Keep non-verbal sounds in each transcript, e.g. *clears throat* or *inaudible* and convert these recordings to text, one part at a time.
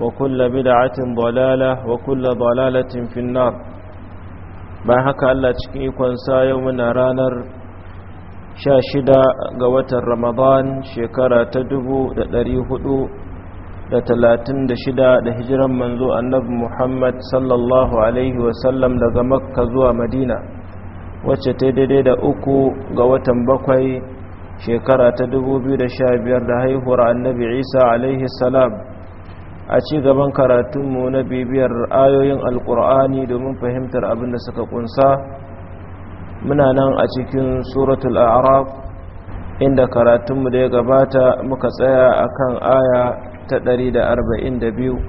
وكل بدعة ضلالة وكل ضلالة في النار ما هكا الله تشكي كونسا يومنا رانر شاشدا قوة رمضان شكرا تدبو دريهدو da talatin da shida da hijiran manzo annabi Muhammad sallallahu daga makka zuwa madina wacce ta daidai da uku ga watan bakwai shekara ta 2015 da haihuwar annabi isa a ci gaban karatunmu na bibiyar ayoyin alkur'ani domin fahimtar abin da suka kunsa muna nan a cikin suratul araf inda karatunmu da ya gabata muka tsaya akan aya ta 142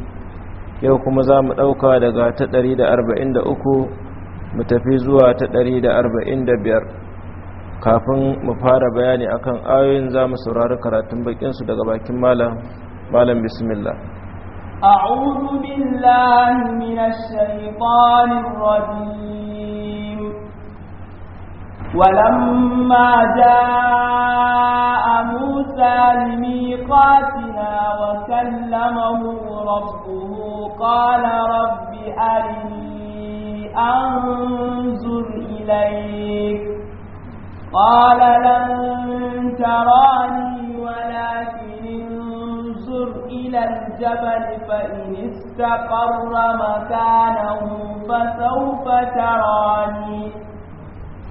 yau kuma za mu ɗauka daga ta 143 mu tafi zuwa ta 145 kafin mu fara bayani akan ayoyin za mu saurari karatun bakinsu daga bakin malam malam bismillah أعوذ بالله من الشيطان الرجيم ولما جاء موسى لميقاتنا وكلمه ربه قال رب أرني أنظر إليك قال لن تراني ولكن انظر إلى الجبل فإن استقر مكانه فسوف تراني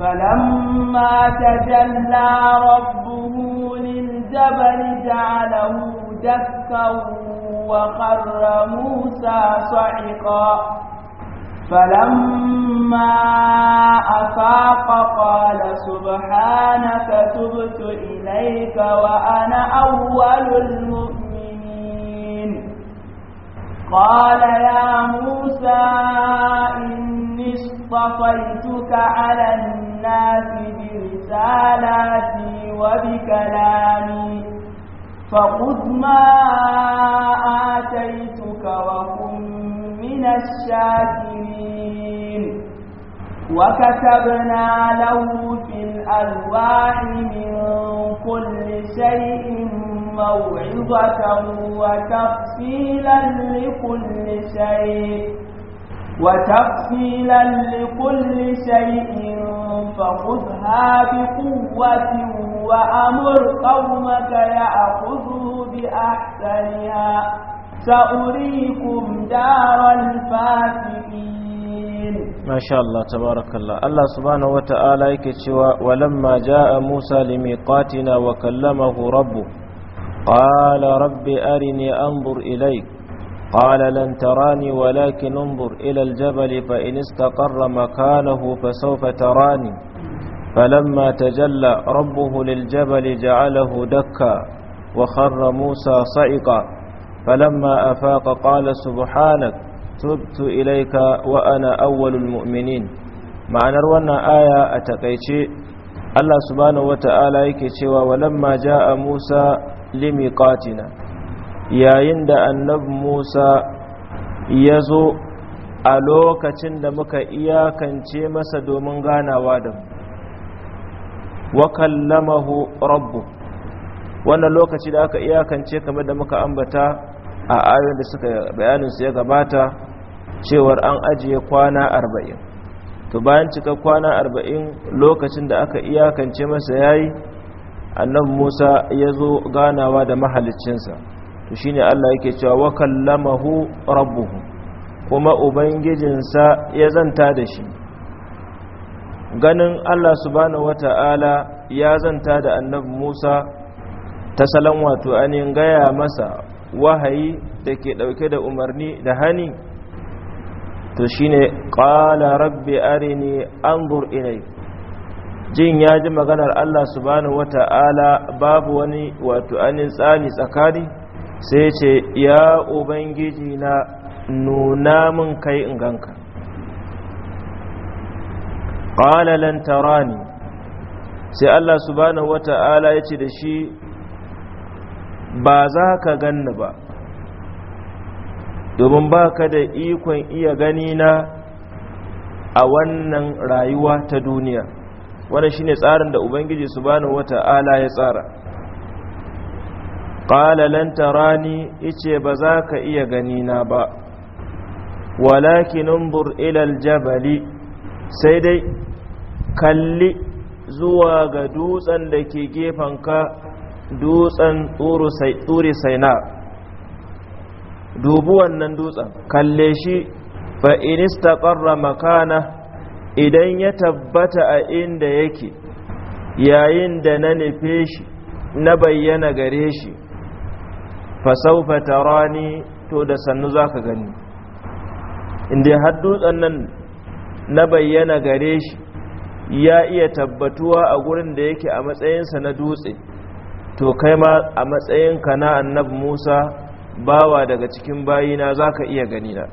فلما تجلى ربه للجبل جعله دكا وخر موسى صعقا فلما أفاق قال سبحانك تبت إليك وأنا أول المؤمنين قال يا موسى إني اصطفيتك على الناس برسالاتي وبكلامي فخذ ما آتيتك وكن من الشاكرين وكتبنا له في الألواح من كل شيء موعظة وتفصيلا لكل شيء وتفصيلا لكل شيء فخذها بقوة وأمر قومك يأخذوا بأحسنها سأريكم دار الفاسقين ما شاء الله تبارك الله الله سبحانه وتعالى يكتشف ولما جاء موسى لميقاتنا وكلمه ربه قال رب أرني أنظر إليك قال لن تراني ولكن انظر إلى الجبل فإن استقر مكانه فسوف تراني فلما تجلى ربه للجبل جعله دكا وخر موسى صعقا فلما أفاق قال سبحانك تبت إليك وأنا أول المؤمنين مع نروانا آية a الله سبحانه وتعالى يكي ولما جاء موسى limiqatina yayin da annabi Musa ya zo a lokacin da muka iyakance masa domin ganawa da mu wa kallamahu rabbu wannan lokaci da aka iyakance kamar da muka ambata a ayoyin da suka bayanin su ya gabata cewar an ajiye kwana arba'in to bayan cika kwana arba'in lokacin da aka iyakance masa yayi annabi Musa ya zo ganawa da mahalicinsa to shine Allah yake cewa wa kallamahu rabbuhu kuma ubangijinsa ya zanta da shi ganin Allah subhanahu wata'ala ya zanta da annabi Musa ta salon wato anin gaya masa wahayi da ke ɗauke da umarni da hani to shine qala rabbi arini anzur inai jin ya ji maganar Allah subhanahu wata'ala babu wani wato anin tsani tsakani sai ce ya ubangiji na nuna mun kai in ganka qala lan tarani sai Allah subhanahu wata'ala ya ce da shi ba za ka ganni ba domin ba ka da ikon iya gani na a wannan rayuwa ta duniya wannan shine tsarin da ubangiji wata wata'ala ya tsara qala lan tarani ice ba za ka iya gani na ba walakin unzur ila sai dai kalli zuwa ga dutsen da ke gefanka dutsen tsuri saina dubu wannan dutsen kalle shi fa inista ƙarra makana idan ya tabbata a inda yake yayin da na nufe shi na bayyana gare shi fasaufa tarani to da sannu za ka gani inda har dutsen nan na bayyana gare shi ya iya tabbatuwa a gurin da yake a matsayinsa na dutse to kai ma a matsayinka na annab musa bawa daga cikin bayina za ka iya ganina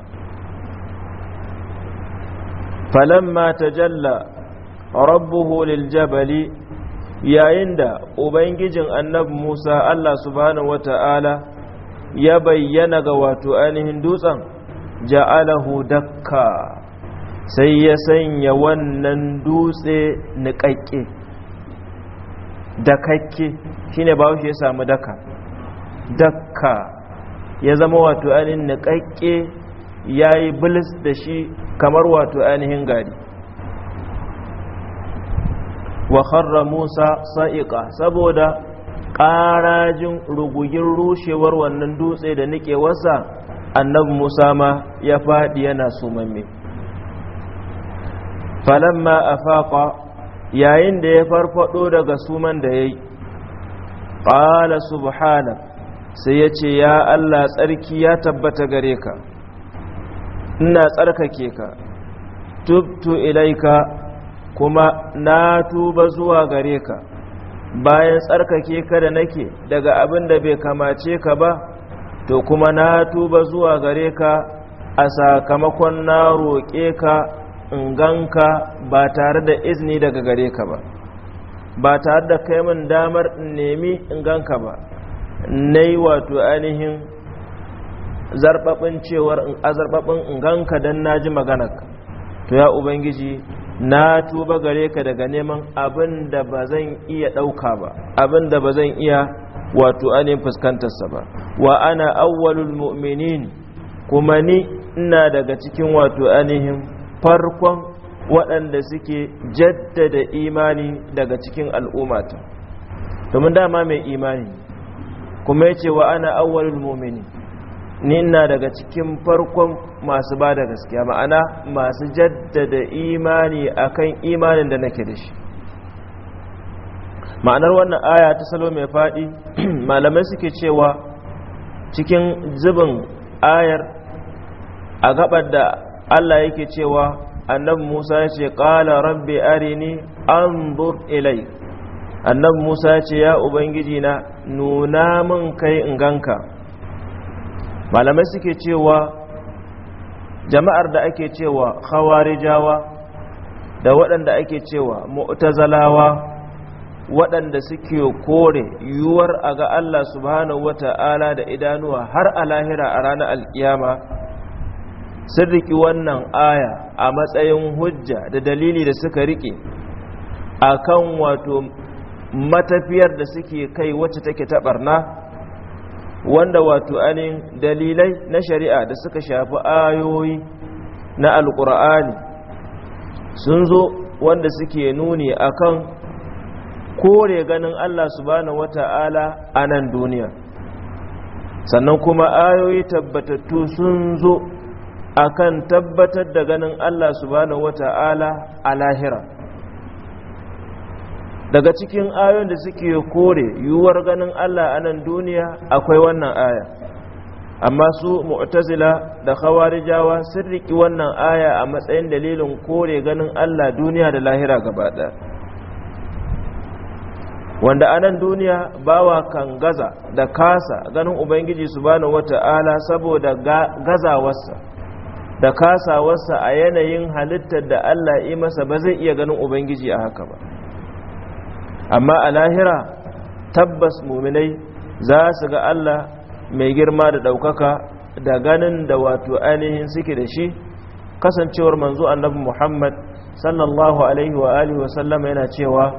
falamma tajalla rabbuhu lil yayin da ubangijin annabi Musa Allah subhanahu wata'ala ya bayyana ga wato ainihin dutsen ja'alahu dakka sai ya sanya wannan dutse niƙaƙƙe dakakke shine ba shi ya samu daka dakka ya zama wato ainihin niƙaƙƙe ya yi bilis da shi kamar wato ainihin gari wa kharra musa sa'iqa saboda ƙarajin rugugin rushewar wannan dutse da wasa, annabi musa ma ya faɗi yana sumamme falamma afaqa yayin da ya farfaɗo daga suman da yayi qala subhanak sai ya ce ya Allah tsarki ya tabbata gare ka ina tsarkake ka tubtu ilaika kuma na tuba zuwa gare ka bayan tsarkake ka da nake daga abin da bai kamace ka ba to kuma na tuba zuwa gare ka a sakamakon na roƙe ka in ganka ba tare da izini daga gare ka ba ba tare da kai min damar nemi in ganka ba na yi wato ainihin zarbabin cewar in azarbabin in ganka dan naji maganar to ya ubangiji na tuba gare ka daga neman abin da ba zan iya ɗauka ba abin da ba zan iya wato fuskantar fuskantarsa ba wa ana awwalul mu'minin kuma ni ina daga cikin wato ainihin farkon waɗanda suke jaddada imani daga cikin al'ummata domin dama mai imani kuma ya ce wa ana awwalul mu'minin ni na daga cikin farkon masu ba da gaskiya ma'ana masu jaddada imani akan imanin da nake da shi ma'anar wannan aya ta salo mai faɗi *clears throat* malamai suke cewa cikin zubin ayar a gabar da Allah yake cewa annab Musa ya ce qala rabbi arini bur ilai annab Musa ya ce ya ubangiji na nuna min kai in ganka malamai suke cewa jama'ar da ake cewa khawarijawa da waɗanda ake cewa mu'tazalawa waɗanda suke kore yiwuwar a ga Allah subhanahu wata'ala da idanuwa har a lahira a ranar alkiyama sun riki wannan aya a matsayin hujja da dalili da suka riƙe a kan wato matafiyar da suke kai wacce take taɓarna wanda wato anin dalilai na shari'a da suka shafi ayoyi na alkur'ani sun zo wanda suke nuni akan kore ganin Allah subhanahu wata'ala a nan duniya sannan kuma ayoyi tabbatattu sun zo akan tabbatar da ganin Allah subhanahu wata'ala a lahira daga cikin ayon da suke kore yiwuwar ganin Allah a nan duniya akwai wannan aya amma su mu'tazila da khawarijawa sun riki wannan aya a matsayin dalilin kore ganin Allah duniya da lahira gaba wanda a nan duniya bawa kan gaza da kasa ganin ubangiji subhanahu wata'ala saboda gazawarsa da kasawarsa a yanayin halittar da Allah yi masa ba zai iya ganin ubangiji a haka ba amma a lahira tabbas muminai za su ga Allah mai girma da ɗaukaka da ganin da wato ainihin suke da shi kasancewar manzo annabi Muhammad sallallahu alaihi wa alihi wa sallama yana cewa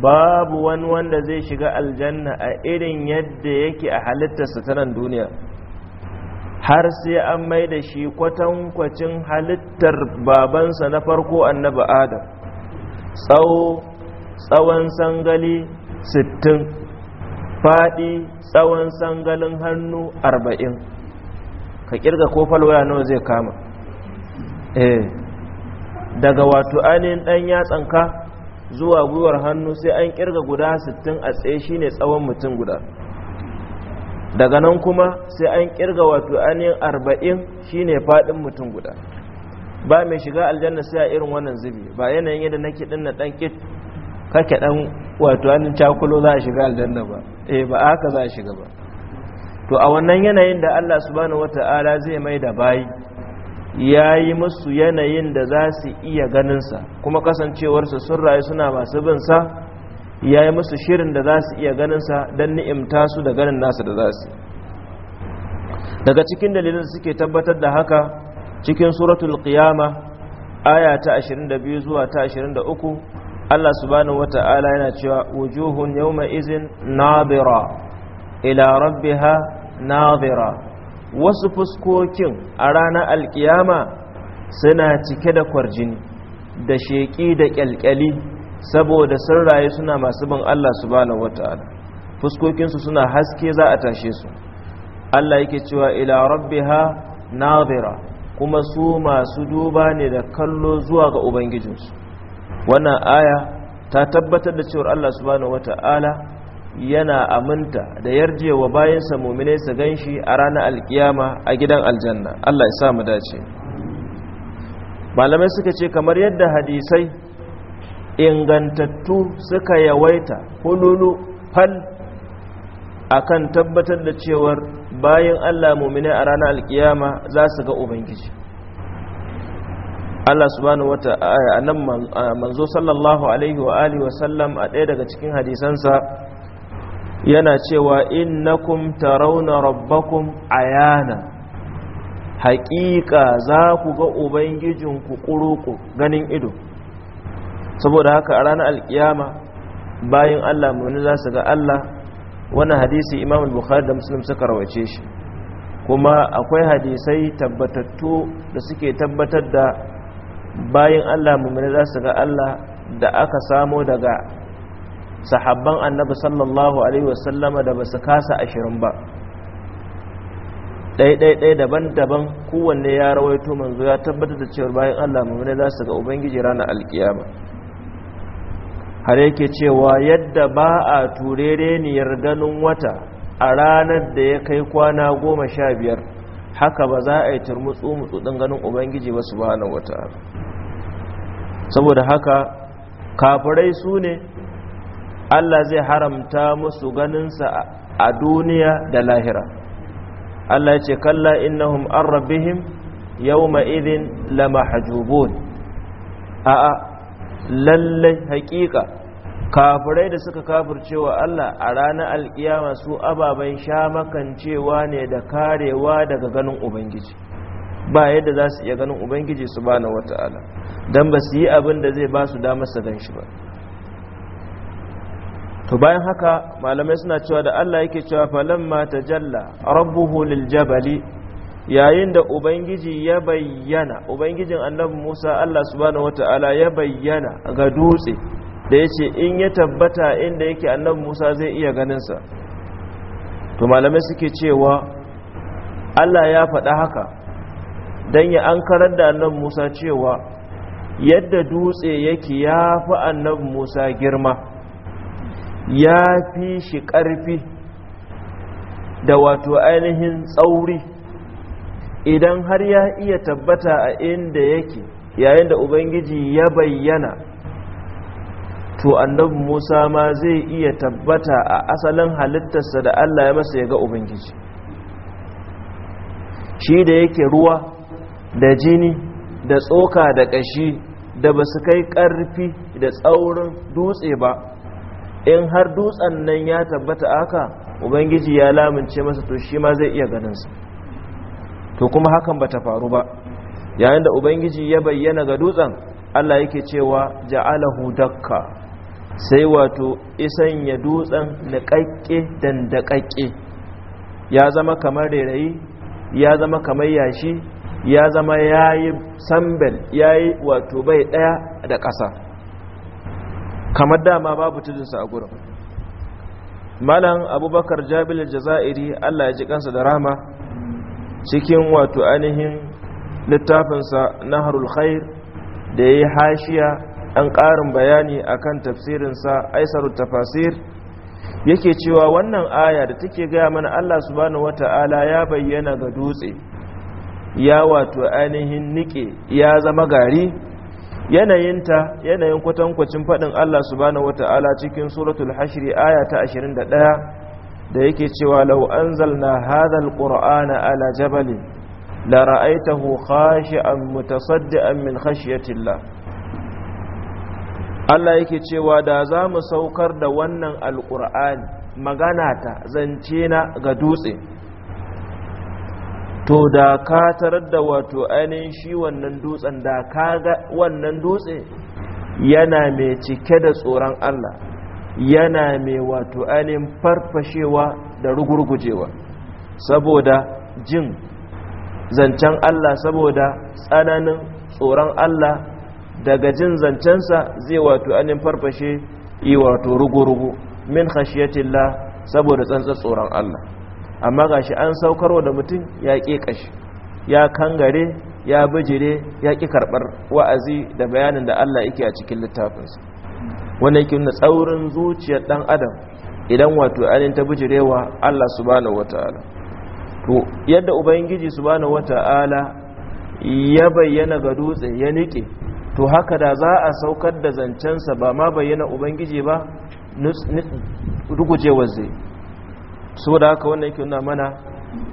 babu wani wanda zai shiga aljanna a irin yadda yake a halittarsa ta nan duniya har sai an mai da shi kwatankwacin halittar babansa na farko annabi adam tsawo tsawon sangali sittin faɗi tsawon sangalin hannu arba'in ka kirga ko falwaya nawa zai kama eh daga wato ainihin ɗan yatsanka zuwa gwiwar hannu sai an kirga guda sittin a tsaye shine tsawon mutum guda daga nan kuma sai an kirga wato ainihin arba'in shine faɗin mutum guda ba mai shiga aljanna sai a irin wannan zubi ba yanayin yadda nake dinna ɗan kit sake dan wato an cakulo za a shiga aljanna ba eh ba haka za a shiga ba to a wannan yanayin da Allah subhanahu wata'ala zai mai da bayi yayi musu yanayin da za su iya ganin sa kuma kasancewarsa sun rayu suna masu bin sa yayi musu shirin da za su iya ganin sa dan ni'imta su da ganin nasu da za su daga cikin dalilin suke tabbatar da haka cikin suratul qiyama aya ta 22 zuwa ta 23 Allah subhanahu wata'ala yana cewa wujuhun yawma izin nadira ila rabbiha nadira wasu fuskokin a ranar alkiyama suna cike da kwarjini da sheƙi da kyalkyali saboda sun raye suna masu bin Allah subhanahu wata'ala fuskokinsu suna haske za a tashe su Allah yake cewa ila rabbiha nadira kuma su masu duba ne da kallo zuwa ga ubangijinsu wannan aya ta tabbatar da cewar Allah subhanahu wata'ala yana aminta da yarje wa bayansa muminai sa ganshi a ranar alkiyama a gidan aljanna Allah ya sa mu dace malamai suka ce kamar yadda hadisai ingantattu suka yawaita hululu fal akan tabbatar da cewar bayan Allah muminai a ranar alkiyama za su ga ubangiji Allah subhanahu wata anan manzo sallallahu alaihi wa alihi wa sallam a ɗaya daga cikin hadisansa yana cewa innakum tarawna rabbakum ayana haƙiƙa za ku ga ubangijinku ƙuruƙu ganin ido saboda haka a ranar alkiyama bayan Allah muni za su ga Allah wani hadisi imam bukhari da muslim suka rawace shi kuma akwai hadisai tabbatattu da suke tabbatar da bayan Allah mummuni za su ga Allah da aka samo daga sahabban annabi sallallahu alaihi wasallama da ba su kasa ashirin ba ɗaiɗaiɗai daban-daban kowanne ya rawaito manzo ya tabbatar da cewar bayan Allah mummuni za su ga ubangiji ranar alkiyama har yake cewa yadda ba a turereniyar ganin wata a ranar da ya kai kwana goma sha biyar haka ba za a yi turmutsu-mutsu ɗin ganin ubangiji ba su ba wata saboda haka kafirai su ne Allah zai haramta musu ganinsa a duniya da lahira Allah ya ce kalla innahum an rabbihim yawma idhin lamahjubun a'a lallai haƙiƙa kafirai da suka kafircewa Allah a ranar alkiyama su ababen sha makancewa ne da karewa daga ganin ubangiji ba yadda za su iya ganin ubangiji su ba na wata'ala don ba su yi abin da zai ba su damar su gan shi ba to bayan haka malamai suna cewa da allah yake cewa falamma ta jalla rabbuhu lil jabali yayin da ubangiji ya bayyana ubangijin annabi musa allah su ba na wata'ala ya bayyana ga dutse da ya ce in ya tabbata inda yake annabi musa zai iya ganinsa to malamai suke cewa allah ya faɗa haka don ya an karar da annabi musa cewa yadda dutse yake ya fi annabi musa girma ya fi shi ƙarfi da wato ainihin tsauri idan har ya iya tabbata a inda yake yayin da ubangiji ya bayyana to annabi musa ma zai iya tabbata a asalin halittarsa da allah ya masa ya ga ubangiji shi da yake ruwa da jini da tsoka da ƙashi da ba su kai ƙarfi da tsaurin dutse ba in har dutsen nan ya tabbata aka ubangiji ya lamince masa to shi ma zai iya ganinsa to kuma hakan ba ta faru ba yayin da ubangiji ya bayyana ga dutsen allah yake cewa ja'alahu dakka sai wato isan ya dutsen niƙaƙƙe dandakaƙƙe ya zama kamar rairayi ya zama kamar yashi ya zama ya yi sambel ya yi wato bai ɗaya da ƙasa kamar dama babu tudunsa a gurin malam abubakar jabil jaza'iri allah ya ji kansa da rama cikin wato ainihin littafinsa na harul khair da ya yi hashiya an ƙarin bayani a kan tafsirinsa aisaru tafasir yake cewa wannan aya da take gaya mana allah subhanahu wata'ala ya bayyana ga dutse ya wato ainihin nike ya zama gari yanayinta yanayin kwatankwacin faɗin Allah subhanahu wata'ala cikin suratul hashri aya ta 21 da yake cewa law anzalna hadhal qur'ana ala jabalin la ra'aytahu khashi'an mutasaddian min khashyatillah Allah yake cewa da za mu saukar da wannan alqur'ani magana ta zance na ga dutse to da ka tarar da wato ainihin shi wannan dutsen da ka ga wannan dutse yana mai cike da tsoron Allah yana mai wato ainihin farfashewa da rugurgujewa saboda jin zancen Allah saboda tsananin tsoron Allah daga jin zancensa zai wato ainihin farfashe yi wato rugurugu min khashiyatillah saboda tsantsar tsoron Allah amma ga shi an saukarwa da mutum ya ƙi ƙashi ya kangare ya bijire ya ƙi karɓar wa'azi da bayanin da Allah yake a cikin littafinsa wanda yake nuna tsaurin zuciyar ɗan adam idan wato ainihin ta bijirewa Allah subhanahu wata'ala to yadda ubangiji subhanahu wata'ala ya bayyana ga dutse ya niƙe, to haka da za a saukar da zancensa ba ma bayyana ubangiji ba rugujewar zai saboda haka wannan yake nuna mana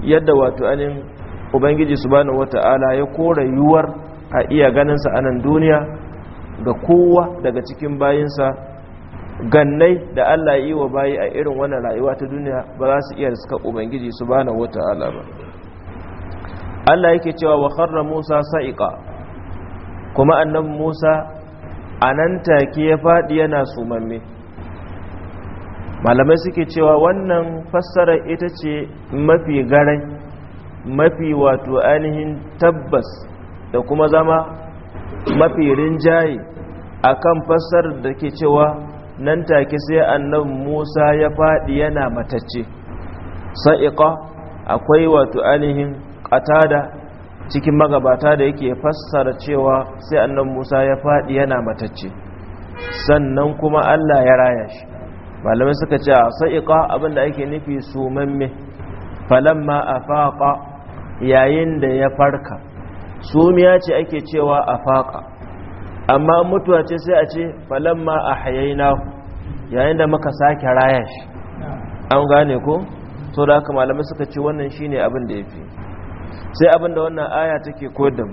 yadda wato anin ubangiji subhanahu wata'ala ya kora yuwar a iya ganinsa a nan duniya ga kowa daga cikin bayinsa gannai da Allah yi wa bayi a irin wannan rayuwa ta duniya ba za su iya suka ubangiji subhanahu wata'ala ba Allah yake cewa wa kharra Musa sa'iqa kuma annabi Musa anan take ya fadi yana sumamme malamai suke cewa wannan fassara ita ce mafi garai mafi wato ainihin tabbas da kuma zama mafi rinjaye kan fassar da ke cewa nan take sai annan Musa ya faɗi yana matacce sa'iƙa akwai wato ainihin da cikin magabata da yake fassara cewa sai annan Musa ya faɗi yana matacce sannan kuma Allah ya raya shi malamai suka ce sa'iqa abinda ake nufi sumamme falamma afaqa yayin da ya farka sumiya ce ake cewa afaqa amma mutuwa ce sai a ce falamma ahyayna yayin da muka sake raya shi an gane ko to da haka malamai suka ce wannan shine abin da fi, sai abin da wannan aya take kodin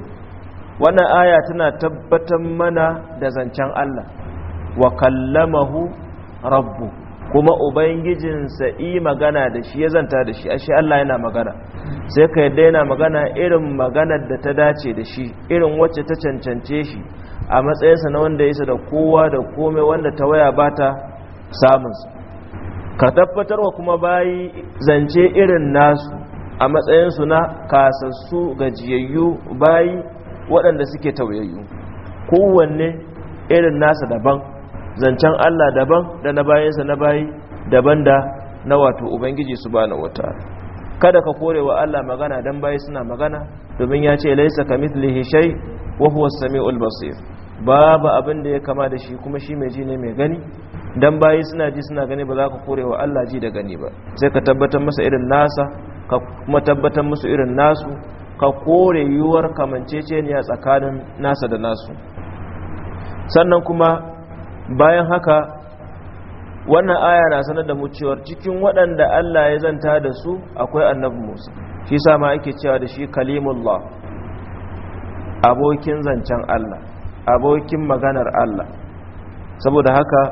wannan aya tana tabbatar mana da zancen Allah wa kallamahu rabbu kuma ubangijinsa yi magana da shi ya zanta da shi a shi Allah yana magana sai ka yadda yana magana irin maganar da ta dace da shi irin wacce ta cancance shi a matsayinsa na wanda ya da kowa da komai wanda ta waya ba ta samunsa ka wa kuma bayi zance irin nasu a matsayinsu na kasassu gajiyayyu bayi waɗanda suke tauyayyu kowanne irin nasa daban zancen Allah daban da na bayansa na bayi daban da na wato ubangiji su na wata. kada ka kore wa Allah magana don bayi suna magana domin ya ce laisa ka shay Hishai, wahuwar as ulbasir, Ba babu abin da ya kama da shi kuma shi mai ji ne mai gani Don bayi suna ji suna gani ba za ka kore wa Allah ji da gani ba sai ka tabbatar masa irin nasa ka kuma tabbatar musu irin nasu ka kore yiwuwar kamanceceniya tsakanin nasa da nasu sannan kuma bayan haka wannan aya na sanar da mu cewar cikin waɗanda Allah ya zanta da su akwai annabi Musa shi sama ake cewa da shi kalimullah abokin zancen Allah abokin maganar Allah saboda haka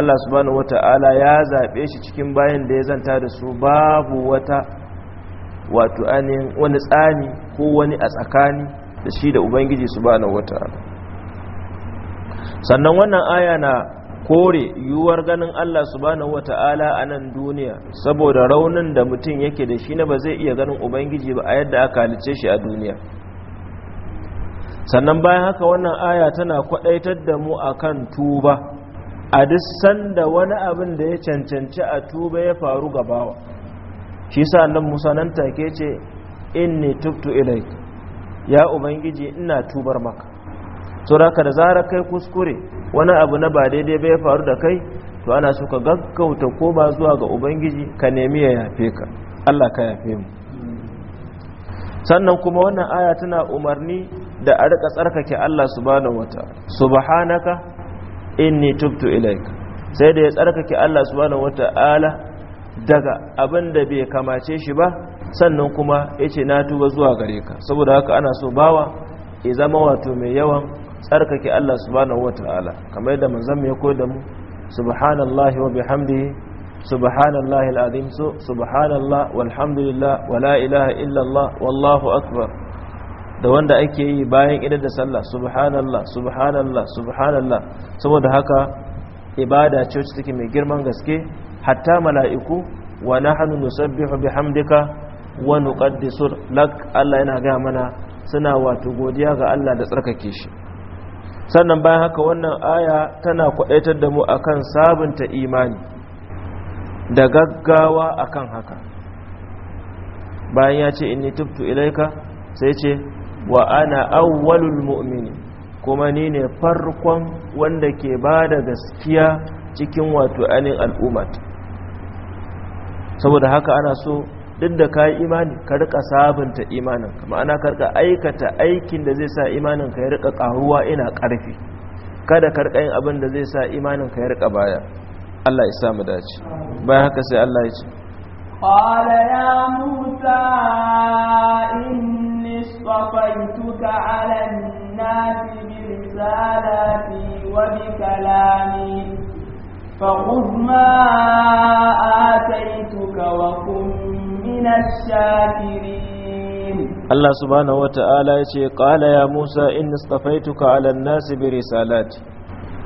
Allah subhanahu wata'ala ya zaɓe shi cikin bayan da ya zanta da su babu wata wato anin wani tsani ko wani a tsakani da shi da Ubangiji subhanahu wata'ala sannan wannan aya na kore yiwuwar ganin Allah subhanahu wata'ala a nan duniya saboda raunin da mutum yake da shi na ba zai iya ganin ubangiji ba a yadda aka halice shi a duniya sannan bayan haka wannan aya tana kwadaitar da mu akan tuba a duk sanda wani abin da ya cancanci a tuba ya faru gabawa shi sa nan musa nan take ce inni tubtu ilaik ya ubangiji ina tubar maka sauraka da zarar kai kuskure wani abu na ba daidai bai faru da kai to ana so ka gaggauta ko ba zuwa ga ubangiji ka nemi ya yafe ka Allah ka yafe mu sannan kuma wannan aya tana umarni da a rika tsarkake Allah subhanahu wata subhanaka inni tubtu ilaika sai da ya tsarkake Allah subhanahu wata'ala daga abin da bai kamace shi ba sannan kuma yace na tuba zuwa gare ka saboda haka ana so bawa ya zama wato mai yawan tsarkake Allah subhanahu wata'ala kamar yadda manzon ya koyar da mu subhanallahi wa bihamdihi subhanallahi alazim so subhanallah walhamdulillah wala ilaha illallah wallahu akbar da wanda ake yi bayan idan da sallah subhanallah subhanallah subhanallah saboda haka ibada ce wacce take mai girman gaske hatta mala'iku wa nahnu nusabbihu bihamdika wa nuqaddisu lak Allah yana ga mana suna wato godiya ga Allah da tsarkake shi sannan bayan haka wannan aya tana kwadaitar da mu akan sabunta imani da gaggawa akan haka bayan ya ce inni tubtu ilaika sai ce wa ana awwalul mu'mini kuma ni ne farkon wanda ke ba da gaskiya cikin wato anin al'ummat saboda haka ana so duk da ka yi imani ka rika sabunta imaninka ma'ana ana karka aikata aikin da zai sa imanin ka ya rika karuwa ina karfi kada karka yin abin da zai sa imanin ka ya rika baya Allah ya samu dace bayan haka sai Allah ya ce qala ya musa inni safaituka 'ala an-nasi bi wa bi kalami ma ataituka wa kum Allah subhanahu wata'ala ya ce, "Ƙala ya Musa in stafaituka ala nasi bi risalati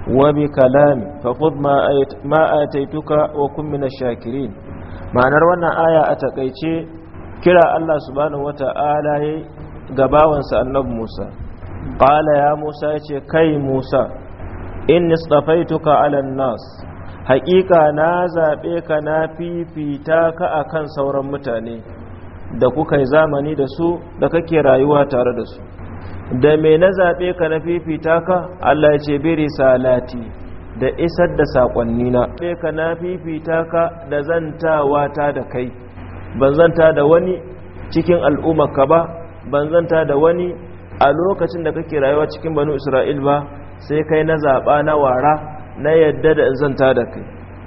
wa bi kalami, faqud ma a taituka wa shakirin." Ma'anar wannan aya a takaice, kira Allah subhanahu wata'ala ya gabawansa Musa. "Ƙala ya Musa ya ce, "Kai Musa, in stafaituka ala nasi haƙiƙa na zaɓe ka na fifita ka a kan sauran mutane da kuka yi zamani da su da kake rayuwa tare da su da me na zaɓe ka na fifita ka Allah ya ce biri salati da isar da sakonni na zaɓe ka na fifita ka da zantawa ta da kai ban zanta da wani cikin al'ummarka ba ban zanta da wani a lokacin da kake rayuwa cikin banu isra'il ba sai kai na zaɓa na wara na yadda da in zanta da kai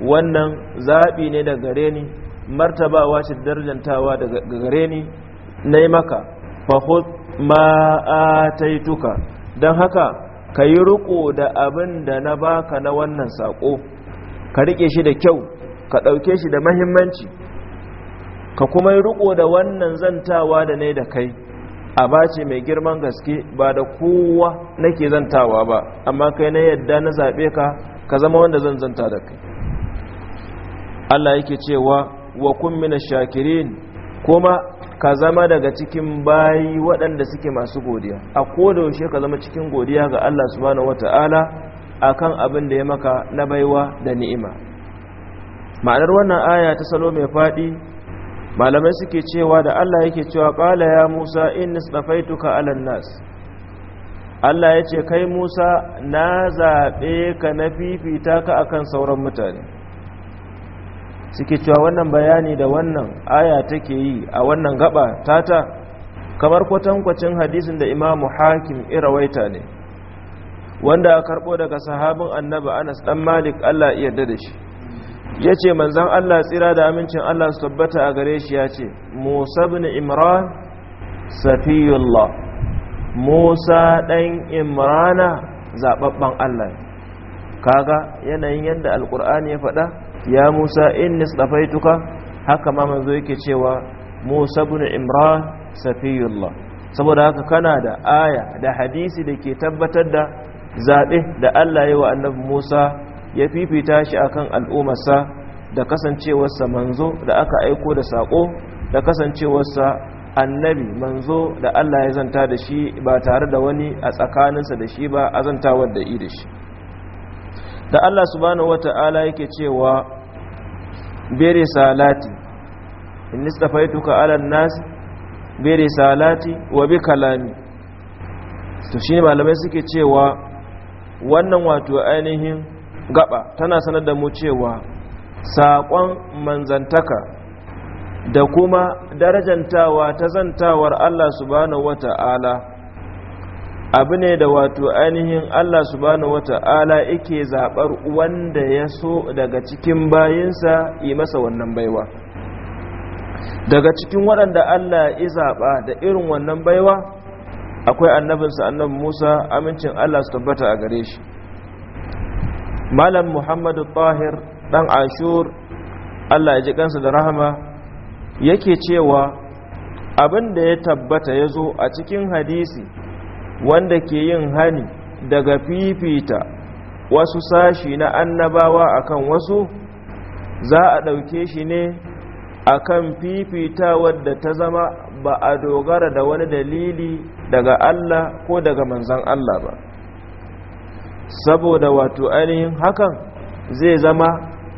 wannan zaɓi ne da gare ni martabawa ce darjantawa da gare ni na yi maka fahud ma'ataituka don haka ka yi riko da abin da na baka na wannan saƙo ka riƙe shi da kyau ka ɗauke shi da mahimmanci ka kuma yi riko da wannan zantawa da ne da kai a bace mai girman gaske ba da kowa nake zantawa ba amma kai na yadda na zaɓe ka ka zama wanda zan zanta da kai Allah yake cewa wa kun mina shakirin kuma ka zama daga cikin bayi waɗanda suke masu godiya a kodayaushe ka zama cikin godiya ga Allah subhanahu wata'ala akan abin da ya maka na baiwa da ni'ima ma'anar wannan aya ta salo mai faɗi malamai suke cewa da Allah yake cewa ƙala ya Musa in nisnafaituka alan nas Allah ya ce kai Musa na zaɓe ka na fifita ka akan sauran mutane suke cewa wannan bayani da wannan aya take yi a wannan gaba tata kamar kwatankwacin hadisin da imamu hakim irawaita ne wanda a karɓo daga sahabin annaba anas ɗan malik Allah iya da shi ya ce manzan Allah tsira da amincin Allah su tabbata a gare shi ya ce musa bin imran safiyullah musa ɗan imrana zaɓaɓɓen allah kaga yanayin yadda alkur'ani ya faɗa ya musa nisɗafai tuka haka ma manzo yake cewa musa bin imran safiyullah saboda haka kana da aya da hadisi da ke tabbatar da zaɓe da allah ya wa annabi musa ya fifita shi akan al'ummarsa da kasancewarsa manzo da aka aiko da saƙo da kasancewarsa annabi manzo da Allah ya zanta da shi ba tare da wani a tsakaninsa da shi ba a zantawar da yi da shi da Allah subhanahu wata'ala yake cewa bere salati in istafaituka ala nas bere salati wa bi kalami to shine malamai suke cewa wannan wato ainihin gaba tana sanar da mu cewa saƙon manzantaka da kuma darajantawa ta zantawar Allah subhanahu wata'ala abu ne da wato ainihin Allah subhanahu wata'ala yake zabar wanda ya so daga cikin bayinsa yi masa wannan baiwa daga cikin waɗanda Allah ya zaɓa da irin wannan baiwa akwai annabinsa annabi Musa amincin Allah su tabbata a gare shi malam Muhammadu Tahir dan Ashur Allah ya ji kansa da rahama yake cewa abin da ya tabbata ya zo a cikin hadisi wanda ke yin hani daga fifita wasu sashi na annabawa akan wasu za a ɗauke shi ne akan fifita wadda ta zama ba a dogara da wani dalili daga Allah ko daga manzan Allah ba saboda wato ainihin hakan zai zama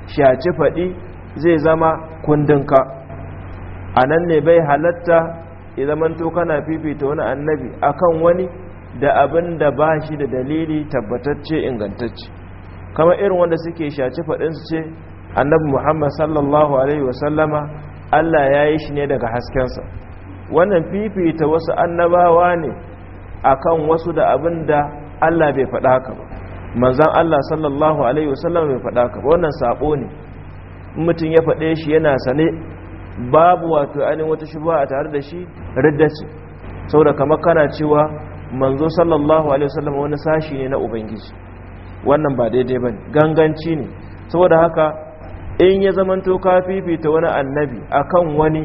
shaci faɗi zai zama kundinka a nan ne bai halatta izamanto kana fifita wani annabi akan wani da abin da ba shi da dalili tabbatacce ingantacce kama irin wanda suke shaci faɗinsu ce annabi muhammad sallallahu alaihi wasallama allah ya yi shi ne daga haskensa wannan fifita wasu annabawa ne akan wasu da abin da allah bai faɗa ka ba manzan allah sallallahu alaihi wasallama bai faɗa ka ba wannan saɓo ne mutum ya faɗe shi yana sane babu wato ainihin wata shubha a tare da shi riddaci saboda kamar kana cewa manzo sallallahu alaihi wasallam wani sashi ne na ubangiji wannan ba daidai bane ganganci ne saboda haka in ya zamanto ka fifita wani annabi akan wani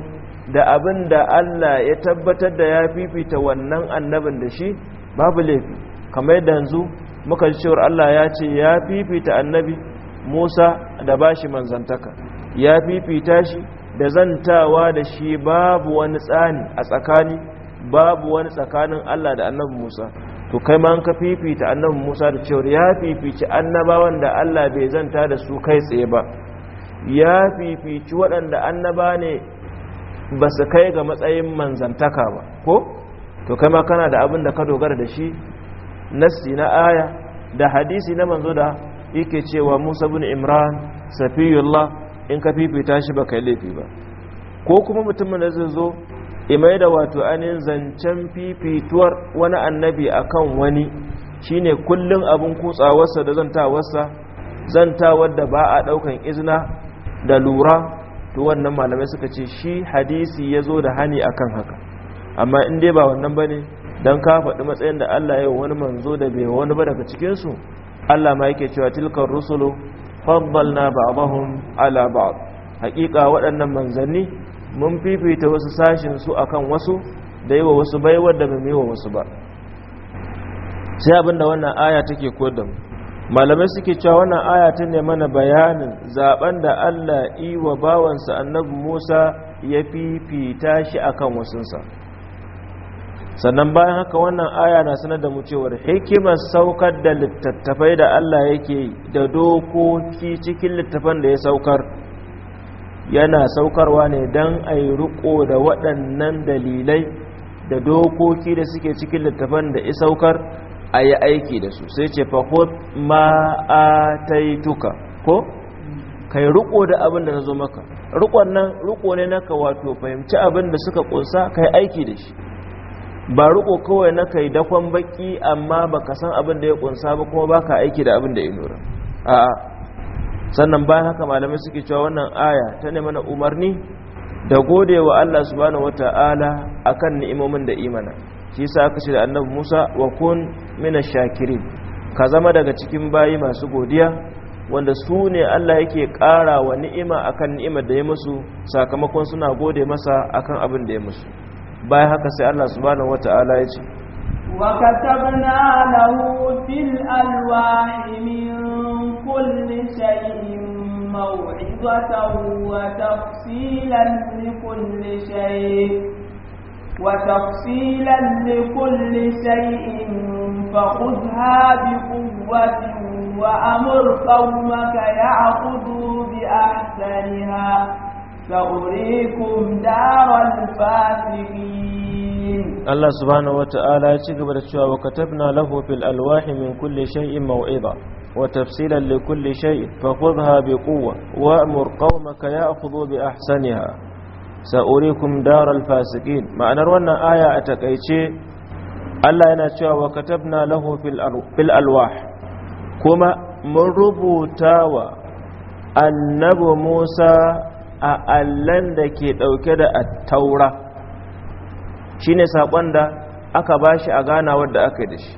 da abin da Allah ya tabbatar da ya fifita wannan annabin da shi babu laifi kamar yadda yanzu muka ji cewar Allah ya ce ya fifita annabi Musa da bashi manzantaka ya fifita shi da zantawa da shi babu wani tsani a tsakani babu wani tsakanin Allah da annabi Musa to kai ma an ka fifita annabi Musa da cewa ya fifici annabawan da Allah bai zanta da su kai tsaye ba ya fifici waɗanda annaba ne ba su kai ga matsayin manzantaka ba ko to kai ma kana da abin da ka dogara da shi nassi na aya da hadisi na manzo da yake cewa Musa bin Imran safiyullah in ka fifita shi baka yi laifi ba ko kuma mutumin da zai zo imai da wato anin zancen fifituwar wani annabi akan wani shine kullun abin kutsawarsa da zantawarsa zantawar da ba a daukan izina da lura to wannan malamai suka ce shi hadisi ya zo da hani akan haka amma in dai ba wannan ba ne don ka faɗi matsayin da allah ya wani manzo da bai wani ba daga cikinsu allah ma yake cewa tilkar rusulu faddalna ba'dahum ala ba'd haƙiƙa waɗannan manzanni mun fifita wasu sashin su akan wasu da yawa wasu baiwar da bai wa wasu ba sai abinda wannan aya take koyar da mu malamai suke cewa wannan aya ta ne mana bayanin zaben da Allah yi bawansa annabi Musa ya fifita shi akan wasunsa sannan bayan haka wannan aya na sanar da mu cewar hikimar saukar da littattafai da Allah yake da dokoki cikin littafan da ya saukar yana saukarwa ne don a yi riko da waɗannan dalilai da dokoki da suke cikin littafan da ya saukar a yi aiki da su sai ce fahot ma'ataituka ko kai riko da abin da na zo maka nan riko ne naka wato fahimci abin da suka ƙunsa kai aiki da shi ba riko kawai na kai dakon baki amma ba ka san abin da ya kunsa ba kuma ba ka aiki da abin da ya nura a sannan bayan haka malamai suke cewa wannan aya ta ne mana umarni da gode wa Allah subhanahu wata'ala akan ni'imomin da imana shi yasa aka ce da annabi Musa wa kun mina shakirin ka zama daga cikin bayi masu godiya wanda su ne Allah yake ƙara wa ni'ima akan ni'imar da ya musu sakamakon suna gode masa akan abin da ya musu bayan haka sai Allah subhanahu wataala ya ce wa katabna lahu fil alwahi min kulli shay'in maw'idatan wa tafsilan li kulli shay'in wa tafsilan li kulli shay'in fakhudha bi quwwati wa amur qawmaka ya'qudu bi ahsaniha sa'urikum daral fasiqin Allah subhanahu wataala ya cigaba da cewa wa katabna lahu fil alwahi min kulli shay'in maw'iza wa tafsilan li kulli shay'in fa khudha bi quwwa wa amur qaumaka ya'khudhu bi ahsaniha sa'urikum daral fasiqin ma'anar wannan aya a takaice Allah yana cewa wa katabna lahu fil alwah kuma mun rubuta wa annabi Musa a allan da ke ɗauke da attaura shi ne saƙon da aka ba shi a ganawar da aka da shi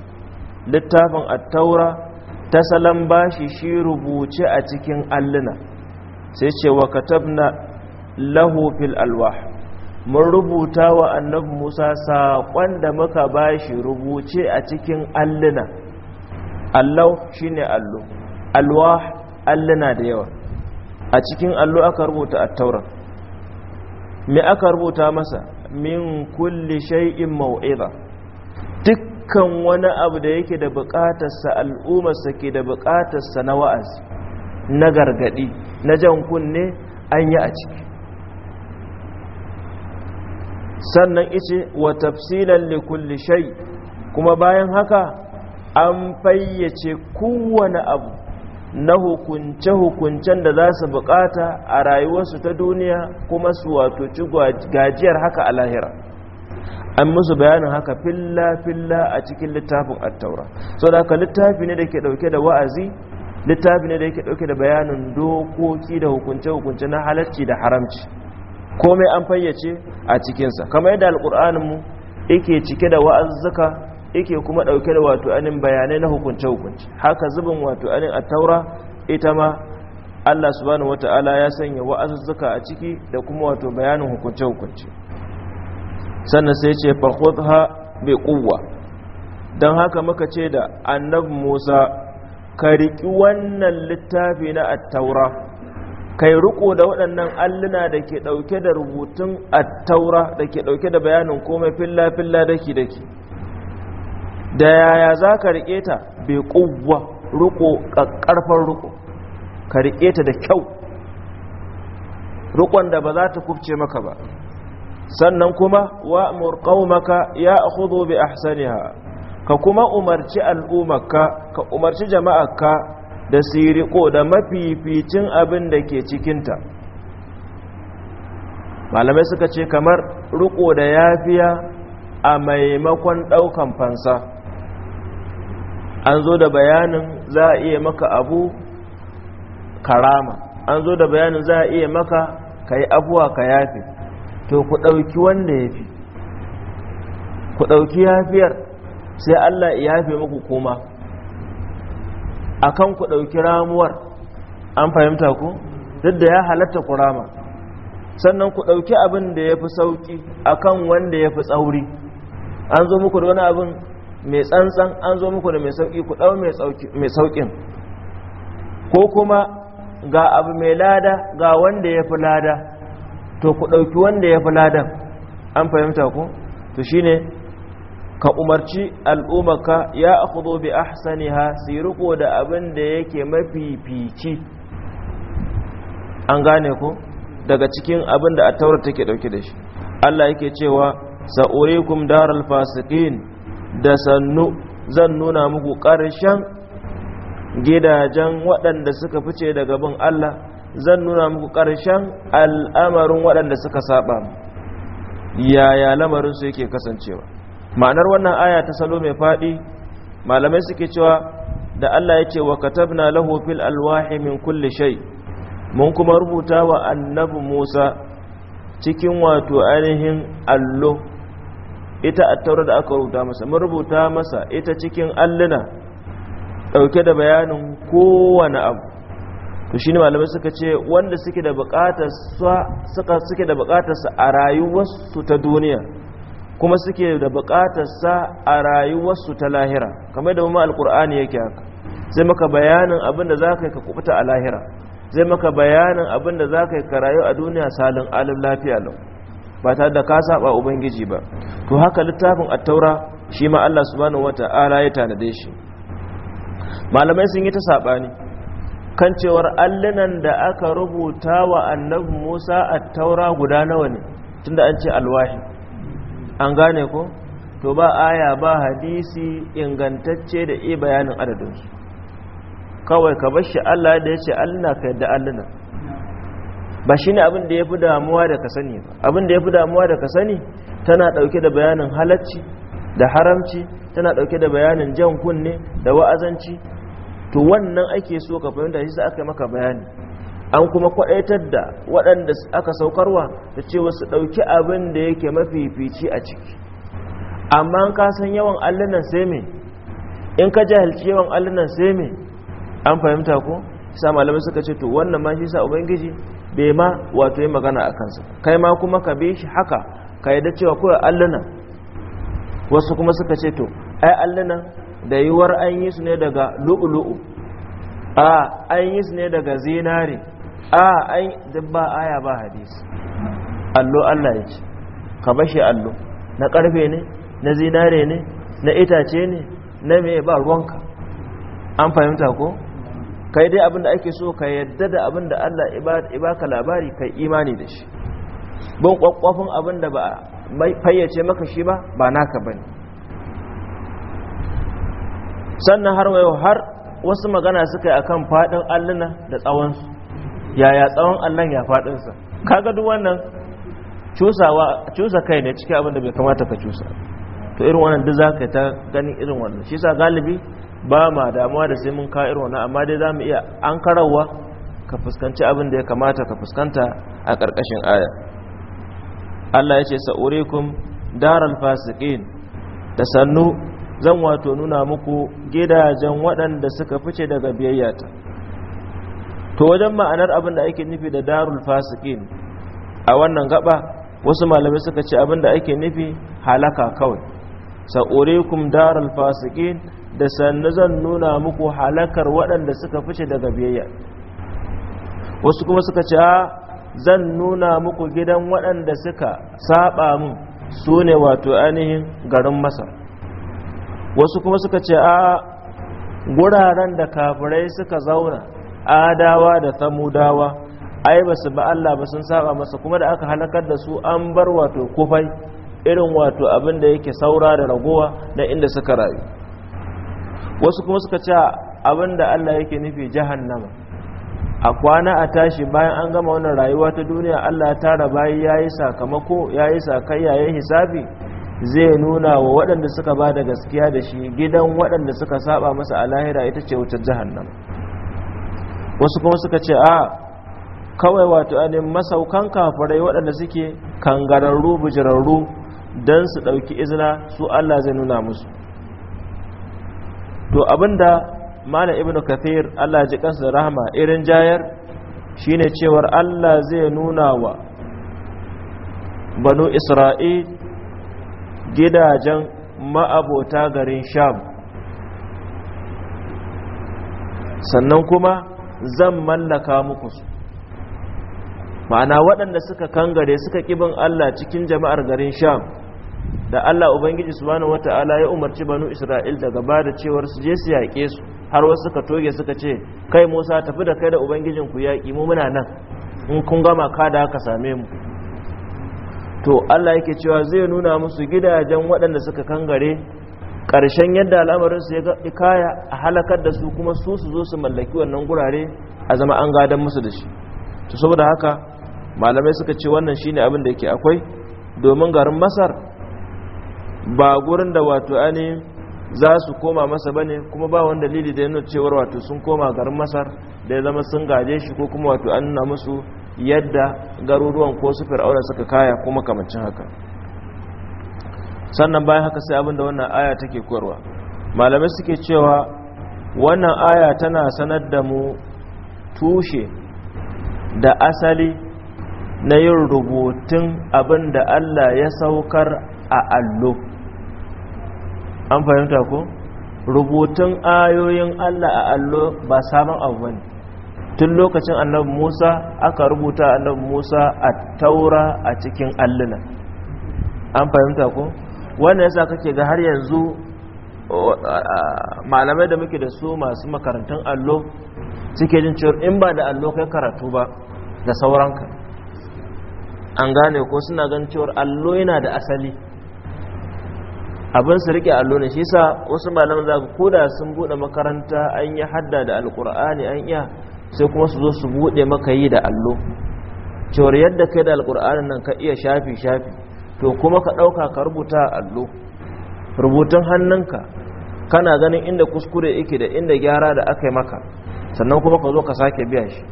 littafin attaura ta salon ba shi shi rubuce a cikin alluna sai ce wa katabna lahu fil mun rubuta wa annabi musa saƙon da muka ba shi rubuce a cikin alluna allau shine allo alwa alluna da yawa a cikin allo aka rubuta attaura me aka rubuta masa min kulli shay'in mau'iza dukkan wani abu da yake da bukatarsa al'umarsa ke da bukatarsa na wa'azi na gargadi na jan kunne an yi a ciki sannan ice wa tafsilan li kulli shay kuma bayan haka an fayyace kowane abu na hukunce-hukuncen da za su bukata a rayuwarsu ta duniya kuma su wato ci gajiyar haka a lahira an musu bayanin haka filla-filla a cikin littafin attaura sau da haka littafi ne da ke dauke da wa'azi littafi ne da ke dauke da bayanin dokoki da hukunce-hukunce na halarci da haramci komai an fayyace a cikinsa kamar yadda alkur'aninmu yake cike da wa'azzuka yake kuma ɗauke da wato anin bayanai na hukunce-hukunce haka zubin wato anin a taura ita ma allah subhanahu wata'ala ya sanya wa'azuzzuka a ciki da kuma wato bayanin hukunce-hukunce sannan sai ce fakhudha bi quwwa dan haka muka ce da annabi Musa ka riki wannan littafi na at-taura kai riko da waɗannan alluna da ke ɗauke da rubutun at-taura da ke ɗauke da bayanin komai filla filla daki daki da yaya za ka riƙe ta bai ƙuwa ruƙo ƙarfar ruƙo. ka riƙe ta da kyau rikon da ba za ta kufce maka ba sannan kuma wa maka ya akhudhu bi ahsaniha ka kuma umarci al'umarka ka umarci jama'arka da su yi da mafificin abin da ke cikinta malamai suka ce kamar ruƙo da yafiya a maimakon ɗaukan fansa an zo da bayanin za a iya maka abu karama an zo da bayanin za a iya maka ka yi abuwa ka yafe to ku ɗauki wanda ya fi ku ɗauki yafiyar sai Allah ya fi muku koma akan ku ɗauki ramuwar an fahimta ku duk da ya halatta ku rama sannan ku ɗauki abin da ya fi sauƙi akan wanda ya fi tsauri an zo muku da wani abin mai tsantsan an zo muku da mai sauki ku dau mai saukin ko kuma ga abu mai lada ga wanda ya fi lada to ku ɗauki wanda ya fi lada. an fahimta ku to shine ka umarci al'ummarka ya akudu bi ahsaniha su yi riko da abin da yake mafifici an gane ku daga cikin abin da a taurar take dauke da shi Allah yake cewa sa'urikum dar fasikin da sannu zan nuna muku ƙarshen gidajen waɗanda suka fice daga bin Allah zan nuna muku ƙarshen al'amarin waɗanda suka saba yaya lamarin su yake kasancewa ma'anar wannan aya ta salo mai faɗi malamai suke cewa da Allah ya ce wa katabna lahu fil alwahi min kulli shay mun kuma rubuta wa annabi Musa cikin wato ainihin allo ita attaura da aka rubuta masa mun rubuta masa ita cikin alluna dauke da bayanin kowane abu to shine malamai suka ce wanda suke da bukatar suka suke da bukatar sa a rayuwarsu ta duniya kuma suke da bukatar sa a rayuwarsu ta lahira kamar da mu alqur'ani yake haka sai maka bayanin abin da zaka ka kubuta a lahira zai maka bayanin abin da zaka ka rayu a duniya salin alim lafiya lau ba tare da ka saba ubangiji ba to haka littafin at-taura shi ma Allah subhanahu wata'ala ya tanade shi malamai sun yi ta sabani kan cewar allunan da aka rubuta wa annabi Musa at-taura guda nawa ne tunda an ce alwahi an gane ko to ba aya ba hadisi ingantacce da iya bayanin adadinsu kawai ka bar shi Allah da ya ce Allah ka yadda allunan ba shi ne abin da ya fi damuwa da ka sani ba abin da ya fi damuwa da ka sani tana ɗauke da bayanin halacci da haramci tana ɗauke da bayanin jan kunne da wa'azanci to wannan ake so ka fahimta shi aka maka bayani an kuma kwaɗaitar da waɗanda aka saukarwa da ce wasu ɗauki abin da yake mafifici a ciki amma ka san yawan allunan sai me in ka jahilci yawan allunan sai me an fahimta ko sa malamai suka ce to wannan ma shi sa ubangiji bai ma wato yi magana a kansa kai ma kuma ka bi shi haka ka yi da cewa kura alluna wasu kuma suka ce to ai alluna da yiwuwar an yi su ne daga lu'ulu'u a an yi su ne daga zinari a an duk ba aya ba hadisi allo allah ya ce ka bashi allo na karfe ne na zinare ne na itace ne na mai ba ruwanka an fahimta ko kai dai abin da ake so ka yadda da abin da Allah ibaka labari kai imani da shi bin kwakwafin abin da ba fayyace maka shi ba ba naka bane sannan har wayo har wasu magana suka yi akan fadin alluna da tsawonsu yaya tsawon allon ya fadinsa kaga duk wannan cusa kai ne cikin abin da bai kamata ka cusa to irin wannan duk za ka ta gani irin wannan shi sa galibi ba ma damuwa da sai mun ka'ir wani amma dai za mu iya an karawa ka fuskanci abin da ya kamata ka fuskanta a ƙarƙashin aya Allah ya ce sa'urikum daral fasikin da sannu zan wato nuna muku gidajen waɗanda suka fice daga biyayyata to wajen ma'anar abin da ake nufi da darul fasikin a wannan gaba wasu malamai suka ce abin da ake nufi halaka kawai sa'urikum daral fasikin. da sannu zan nuna muku halakar waɗanda suka fice daga biyayya wasu kuma suka ce zan nuna muku gidan waɗanda suka saba mun su ne wato ainihin garin masa. wasu kuma suka ce a guraren da kafirai suka zauna adawa da samudawa ai ba su ba Allah ba sun saba masa kuma da aka halakar da su an bar wato kufai irin wato abin da yake saura da ragowa na inda suka rayu wasu kuma suka ce abinda Allah yake nufi jahannama a kwana a tashi bayan an gama wannan rayuwa ta duniya Allah tara bayi yayi sakamako yayi sakayya yayi hisabi zai nuna wa waɗanda suka ba da gaskiya da shi gidan waɗanda suka saba masa a lahira ita ce wutar jahannama wasu kuma suka ce a kawai wato ni masaukan kafirai waɗanda suke kangararru bujirarru don su ɗauki izina su Allah zai nuna musu to abinda malam ibnu kathir Allah ji kansa da rahama irin jayar shine cewar Allah zai nuna wa banu isra'il gidajen ma'abota garin sham sannan kuma zan mallaka muku su ma'ana waɗanda suka kangare suka kibin Allah cikin jama'ar garin sham da Allah ubangiji subhanahu wata'ala ya umarci banu Isra'il daga ba da cewar su je su yaƙe su har wasu suka toge suka ce kai Musa tafi da kai da ubangijin ku yaƙi mu muna nan in kun gama ka da haka same mu to Allah yake cewa zai nuna musu gidajen waɗanda suka kangare ƙarshen yadda al'amarin su ya kaya a halakar da su kuma su su zo su mallaki wannan gurare a zama an gadan musu da shi to saboda haka malamai suka ce wannan shine abin da yake akwai domin garin Masar ba gurin da wato ani za su koma masa ba ne kuma ba wani dalili da yana cewar wato sun koma garin masar da ya zama sun gaje shi ko kuma wato an nuna musu yadda garuruwan ko su fir'auna suka kaya kuma kamacin haka sannan bayan haka sai abinda wannan aya take koyarwa malamai suke cewa wannan aya tana sanar da mu tushe da asali na yin rubutun abin da Allah ya saukar a allo an fahimta ko rubutun ayoyin Allah a allo ba sabon abu ne tun lokacin annabi Musa aka rubuta annabi Musa a taura a cikin alluna an fahimta ko wannan yasa kake ga har yanzu malamai da muke da su masu makarantun allo suke jin cewa in ba da allo kai karatu ba da sauranka an gane ko suna ganin cewa allo yana da asali abin su rike allo ne shi sa wasu malaman za ku koda sun bude makaranta an yi hadda da alkur'ani an iya sai kuma su zo su bude maka yi da allo cewar yadda kai da alkur'ani nan ka iya shafi shafi to kuma ka dauka ka rubuta allo rubutun hannunka kana ganin inda kuskure yake da inda gyara da aka yi maka sannan kuma ka zo ka sake biya shi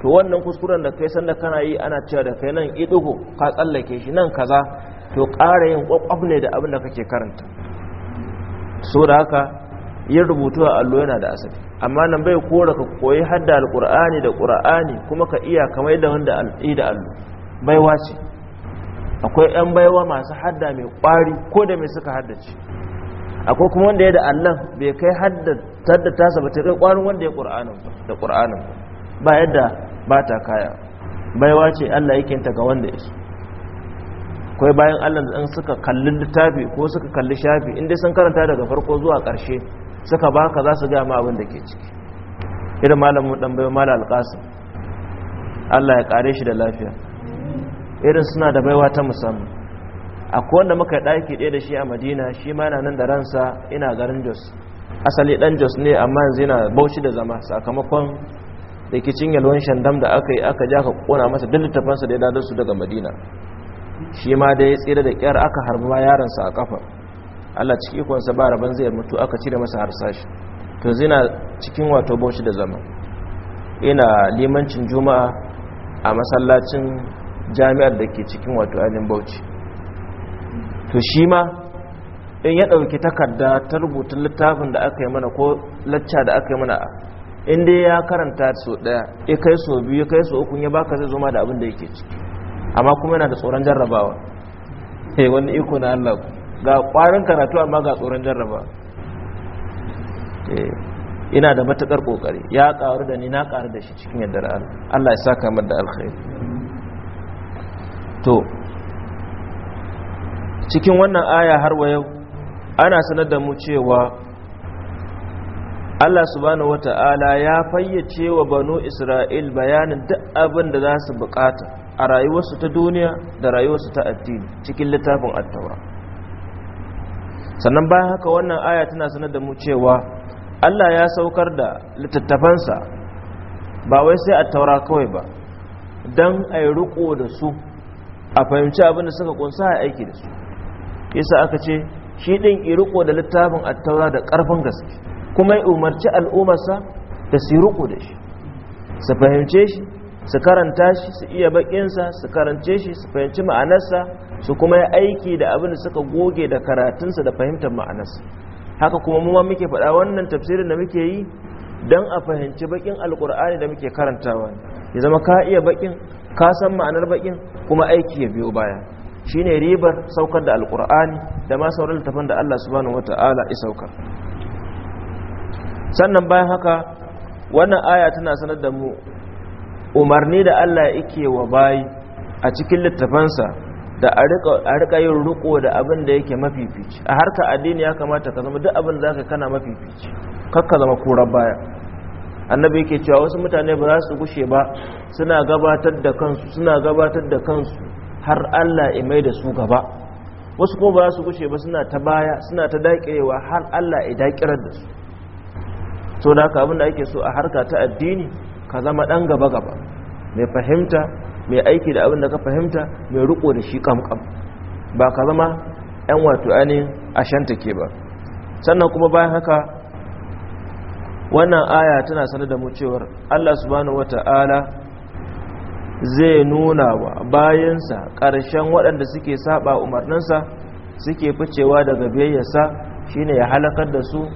to wannan kuskuren da kai sanda kana yi ana cewa da kai nan idugo ka tsallake shi nan kaza to ƙara yin ƙwaƙwaf ne da abin da kake karanta so da haka yin rubutu a allo yana da asali amma nan bai kora ka koyi hadda alƙur'ani da ƙur'ani kuma ka iya kamar da wanda al'i da allo baiwa ce akwai 'yan baiwa masu hadda mai ƙwari ko da mai suka haddace akwai kuma wanda ya da allon bai kai hadda da ba ta kai ƙwarin wanda ya da ƙur'anin ba yadda ba ta kaya baiwa ce allah yake ta ga wanda ya so akwai bayan allah da suka kalli littafi ko suka kalli shafi inda sun karanta daga farko zuwa ƙarshe suka baka za su gaya ma abin da ke ciki irin malamin dan bayan malam allah ya kare shi da lafiya irin suna da baiwa ta musamman akwai wanda muka yi daki ɗaya da shi a madina shi ma yana nan da ransa ina garin jos asali ɗan jos ne amma yanzu yana bauchi da zama sakamakon rikicin yalwan shandam da aka yi aka ja ka kona masa duk littafansa da ya dada su daga madina shi ma da ya tsira da kyar aka harba yaransa a kafa Allah ciki ikonsa ba rabon zai mutu aka cire masa harsashi to zina cikin wato bauchi da zama ina limancin juma'a a masallacin jami'ar da ke cikin wato ainihin bauchi to shi ma in ya ɗauki takarda ta rubuta littafin da aka yi mana ko lacca da aka yi mana inda ya karanta so ɗaya ya kai so biyu ya kai so uku ya baka zai zoma da abin da yake ciki amma kuma yana da tsoron jarrabawa he eh, wani iko na Allah ga kwarin karatu amma ga tsoron jarrabawa eh ina da matakar kokari ya karu da ni na karu da shi cikin yadda Allah Allah ya saka min da alkhairi to cikin wannan aya har wa yau ana sanar da mu cewa Allah subhanahu wata'ala ya fayyace wa banu Isra'il bayanin duk abin da za su bukata a rayuwarsu ta duniya da rayuwarsu ta addini cikin littafin attaura sannan bayan haka wannan aya tana sanar da mu cewa Allah ya saukar da littattafansa ba wai sai attaura kawai ba don a yi riko da su a fahimci abin da suka kunsa a aiki da su yasa aka ce shi ɗin yi riko da littafin attaura da ƙarfin gaske kuma ya umarci al'ummarsa da su yi riko da shi su fahimce shi su karanta shi su iya bakinsa su karance shi su fahimci ma'anarsa su kuma yi aiki da abin da suka goge da karatunsa da fahimtar ma'anarsa haka kuma mu muke faɗa wannan tafsirin da muke yi don a fahimci bakin alkur'ani da muke karantawa ya zama ka iya bakin ka san ma'anar bakin kuma aiki ya biyo baya shine ribar saukar da alkur'ani da ma sauran littafin da Allah subhanahu wataala saukar sannan bayan haka wannan aya tana sanar da mu umarni da Allah yake wa bayi a cikin littafansa da a rika yin riko da abin da yake mafifici a harka addini ya kamata ka zama duk abin da zaka kana mafifici kakka zama kurar baya annabi yake cewa wasu mutane ba za su gushe ba suna gabatar da kansu suna gabatar da kansu har Allah ya mai da su gaba wasu kuma ba za su gushe ba suna ta baya suna ta dakirewa har Allah ya dakirar da su to da haka abin da ake so a harka ta addini ka zama ɗan gaba gaba mai fahimta mai aiki da abin da ka fahimta mai riko da shi kamkam ba ka zama yan wato a shanta ke ba sannan kuma bayan haka wannan aya tana sanar da mu cewar Allah subhanahu wata'ala zai nuna wa bayansa ƙarshen waɗanda suke saba umarninsa suke ficewa daga biyayyarsa shine ya halakar da su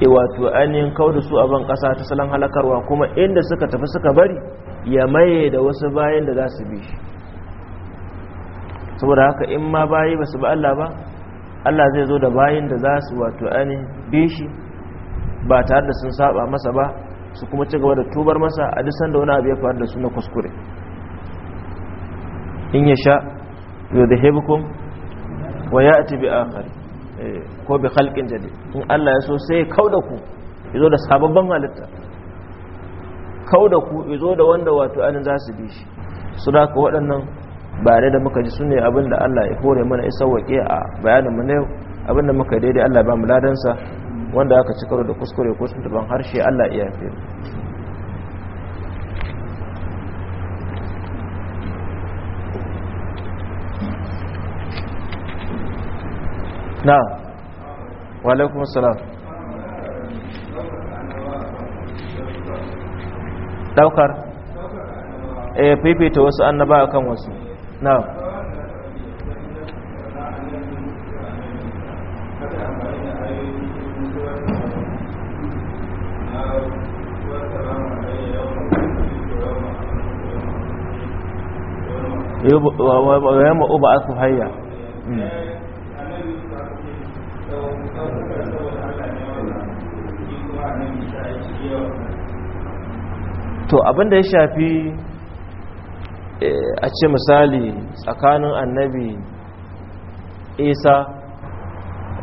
E, wato ainihin kawo da su a ban kasa ta salon halakarwa kuma inda suka tafi suka bari ya maye da wasu bayan da za su bi shi saboda haka in ma bayi ba su ba Allah ba Allah zai zo da bayan da za su wato ainihin bi shi ba tare da sun saba masa ba su kuma ci gaba da tubar masa a duk sanda wani abu ya faru da su na kuskure in ya sha yudhibkum wa ya'ti bi akhari ko bi khalqin jadid in Allah ya so sai da ku yazo da sababban halitta kau da ku yazo da wanda wato anin za su bi shi su da ka waɗannan bare da muka ji sune abin da Allah ya kore mana isa waƙe a bayanin mu ne abin da muka daidai Allah ba mu ladansa wanda aka ci karo da kuskure ko sun harshe Allah iya yafe na walaikun salam daukar eh fifita wasu annaba akan wasu na yau ba uba asu hayya to abinda ya shafi eh, a ce misali tsakanin annabi isa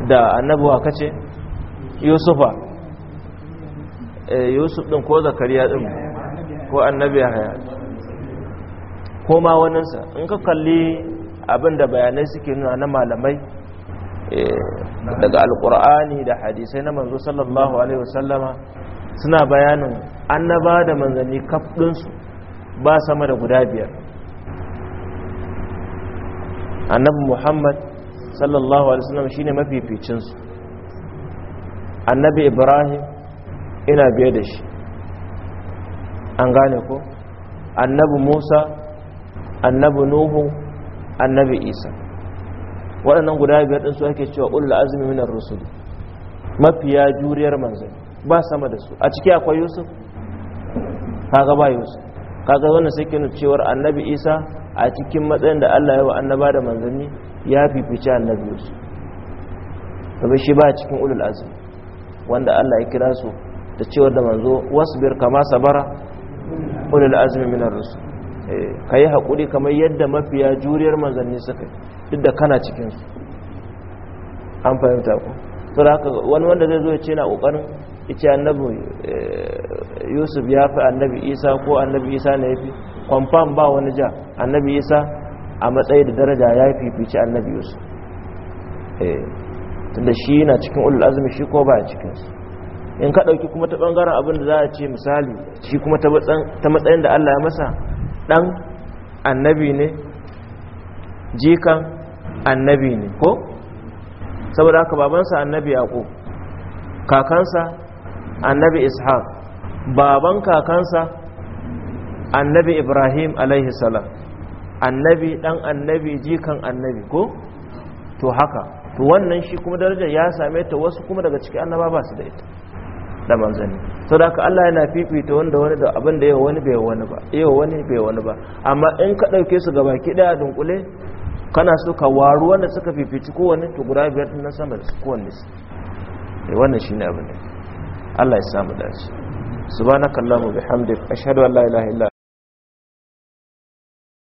da annabuwa kace yusufa eh, yusuf din ko zakariya din ko annabi haya ko ma waninsa in ka kalli abinda bayanai suke nuna na malamai eh, daga alkur'ani da hadisai na manzo sallallahu alaihi wasallama suna bayanin annaba da manzanni kafdinsu ba sama da guda biyar annabi muhammad sallallahu alaihi wasallam shine su annabi ibrahim ina biye da shi an gane ko annabi musa annabi nuhu annabi isa waɗannan guda biyar ɗinsu ake cewa ulul azumi minar rusul mafiya juriyar manzanni ba sama da su a ciki akwai yusuf kaga ba yusuf kaga wannan sai ke cewar annabi isa a cikin matsayin da allah ya wa annaba da manzanni ya fifice annabi yusuf saboda shi ba cikin ulul azmi wanda allah ya kira su da cewar da manzo wasbir kama sabara ulul azmi minar rusul eh, ka yi kamar yadda mafiya juriyar manzanni suka yi duk da kana cikinsu an fahimta ku to haka wani wanda zai zo ya ce na kokarin. ita annabi eh, yusuf ya fi annabi isa ko annabi isa na ya fi kwamfam ba wani ja annabi isa a matsayi da daraja ya fifici annabi yusuf eh, da shi na cikin ulul azumi shi ko ba a cikinsu in ka ɗauki kuma ta ɓangaren abin da za a ce misali shi kuma ta matsayin da allah ya masa ɗan annabi ne jikan annabi ne ko saboda haka babansa annabi ko kakansa annabi ishaq baban kakansa annabi ibrahim alaihi salam annabi dan annabi jikan annabi ko to haka to wannan shi kuma darajar ya same ta wasu kuma daga cikin annaba ba su da ita da manzanni sau da Allah yana fifita wanda wani da abin da yawa wani bai wani ba yawa wani bai wani ba amma in ka ɗauke su gaba ki ɗaya dunkule kana so ka waru wanda suka fifici kowanne to guda biyar nan sama da su kowanne su eh, wannan shi ne abin da Allah ya samu dace subhanakallahumma bihamdika ashhadu an la ilaha illa